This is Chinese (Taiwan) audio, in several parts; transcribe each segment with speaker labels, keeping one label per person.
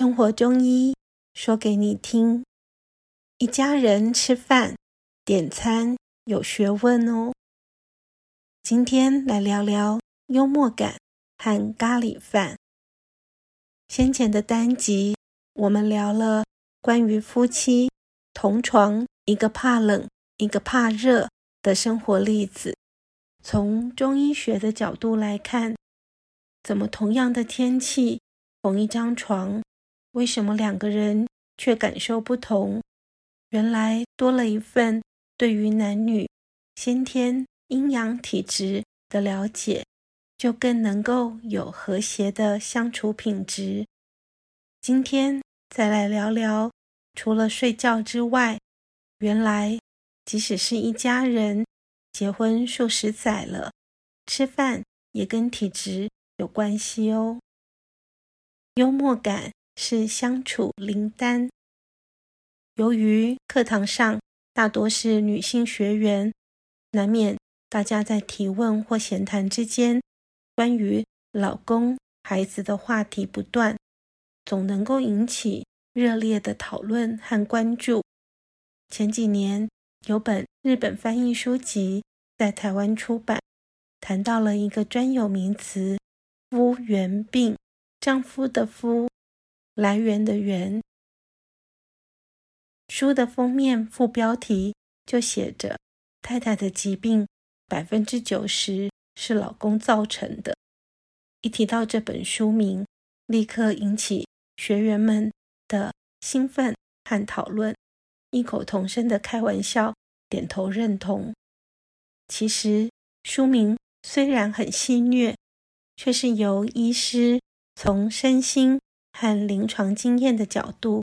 Speaker 1: 生活中醫說給你聽，一家人吃飯點餐有學問哦。今天來聊聊幽默感和咖喱飯。先前的單集我們聊了關於夫妻同床，一個怕冷，一個怕熱的生活例子，從中醫學的角度來看，怎麼同樣的天氣，同一張床。為什麼兩個人卻感受不同？原來多了一份對於男女先天陰陽體質的了解，就更能夠有和諧的相處品質。今天再來聊聊，除了睡覺之外，原來即使是一家人結婚數十載了，吃飯也跟體質有關係哦。幽默感。是相處靈丹。由於課堂上大多是女性學員，難免大家在提問或閒談之間，關於老公、孩子的話題不斷，總能夠引起熱烈的討論和關注。前幾年有本日本翻譯書籍在台灣出版，談到了一個專有名詞“夫源病”，丈夫的夫。來源的源，書的封面副標題就寫着：“太太的疾病百分之九十是老公造成的。”一提到這本書名，立刻引起學員們的興奮和討論，異口同聲的開玩笑，點頭認同。其實書名雖然很戲謔，卻是由醫師從身心。和臨床經驗的角度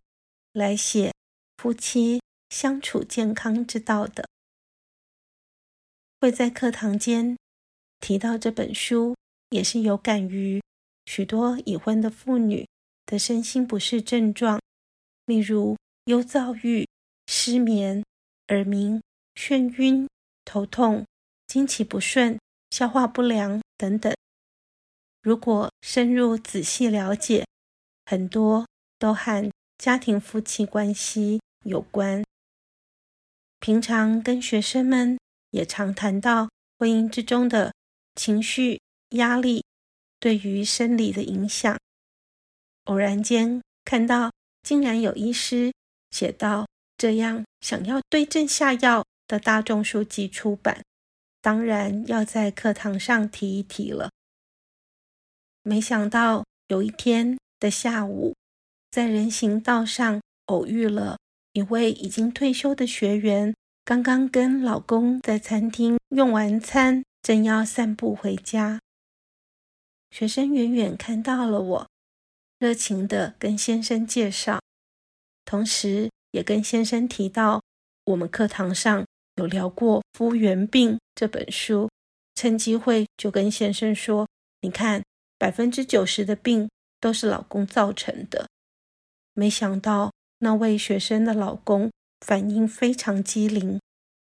Speaker 1: 來寫夫妻相處健康之道的，會在課堂間提到這本書，也是有感於許多已婚的婦女的身心不適症狀，例如憂躁鬱、失眠、耳鳴、眩暈、頭痛、經期不順、消化不良等等。如果深入仔細了解。很多都和家庭夫妻關係有關。平常跟學生們也常談到婚姻之中的情緒壓力對於生理的影響。偶然間看到，竟然有醫師寫到這樣，想要對症下藥的大眾書籍出版，當然要在課堂上提一提了。沒想到有一天。的下午，在人行道上偶遇了一位已經退休的學員，剛剛跟老公在餐廳用完餐，正要散步回家。學生遠遠看到了我，熱情的跟先生介紹，同時也跟先生提到我們課堂上有聊過《夫源病》這本書，趁機會就跟先生說：“你看，百分之九十的病。”都是老公造成的。沒想到那位學生的老公反應非常機靈，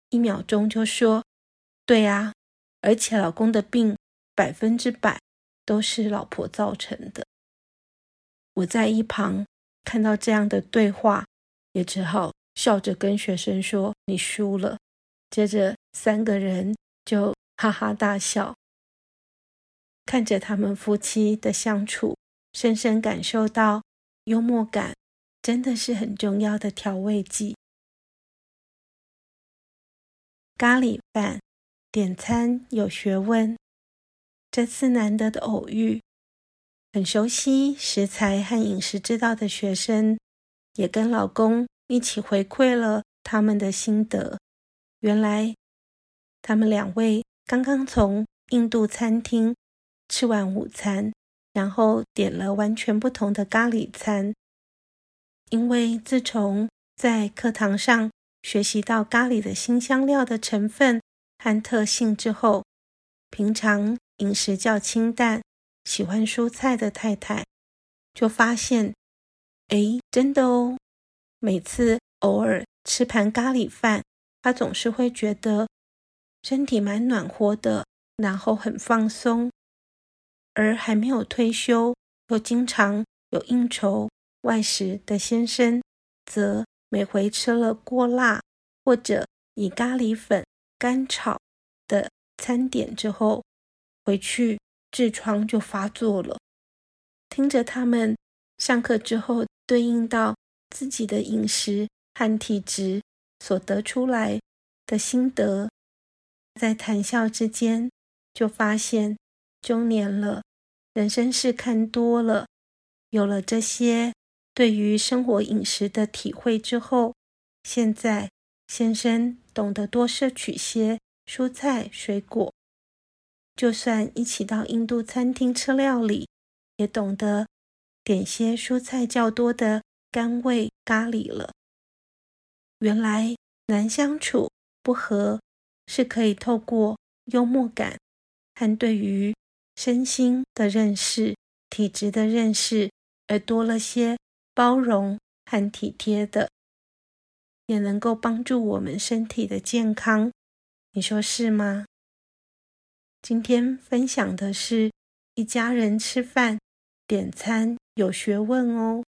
Speaker 1: 一秒鐘就說：“對啊，而且老公的病百分之百都是老婆造成的。”我在一旁看到這樣的對話，也只好笑着跟學生說：“你輸了。”接着三個人就哈哈大笑，看着他們夫妻的相處。深深感受到，幽默感真的是很重要的調味劑。咖喱飯點餐有學問，這次難得的偶遇，很熟悉食材和飲食之道的學生，也跟老公一起回饋了他們的心得。原來他們兩位剛剛從印度餐廳吃完午餐，然後點了完全不同的咖喱餐，因為自從在課堂上學習到咖喱的辛香料的成分和特性之後，平常飲食較清淡、喜歡蔬菜的太太，就發現，哎，真的哦，每次偶爾吃盤咖喱飯，她總是會覺得身體蠻暖和的，然後很放鬆。而還沒有退休，又經常有應酬外食的先生，則每回吃了過辣或者以咖喱粉乾炒的餐點之後，回去痔瘡就發作了。聽着他們上課之後對應到自己的飲食和體質所得出來的心得，在談笑之間就發現中年了。人生事看多了，有了這些對於生活飲食的體會之後，現在先生懂得多攝取些蔬菜水果，就算一起到印度餐廳吃料理，也懂得點些蔬菜較多的甘味咖喱了。原來難相處不合，是可以透過幽默感和對於。身心的認識、體質的認識，而多了些包容和體貼的，也能夠幫助我們身體的健康。你說是嗎？今天分享的是一家人吃飯，點餐，有學問哦。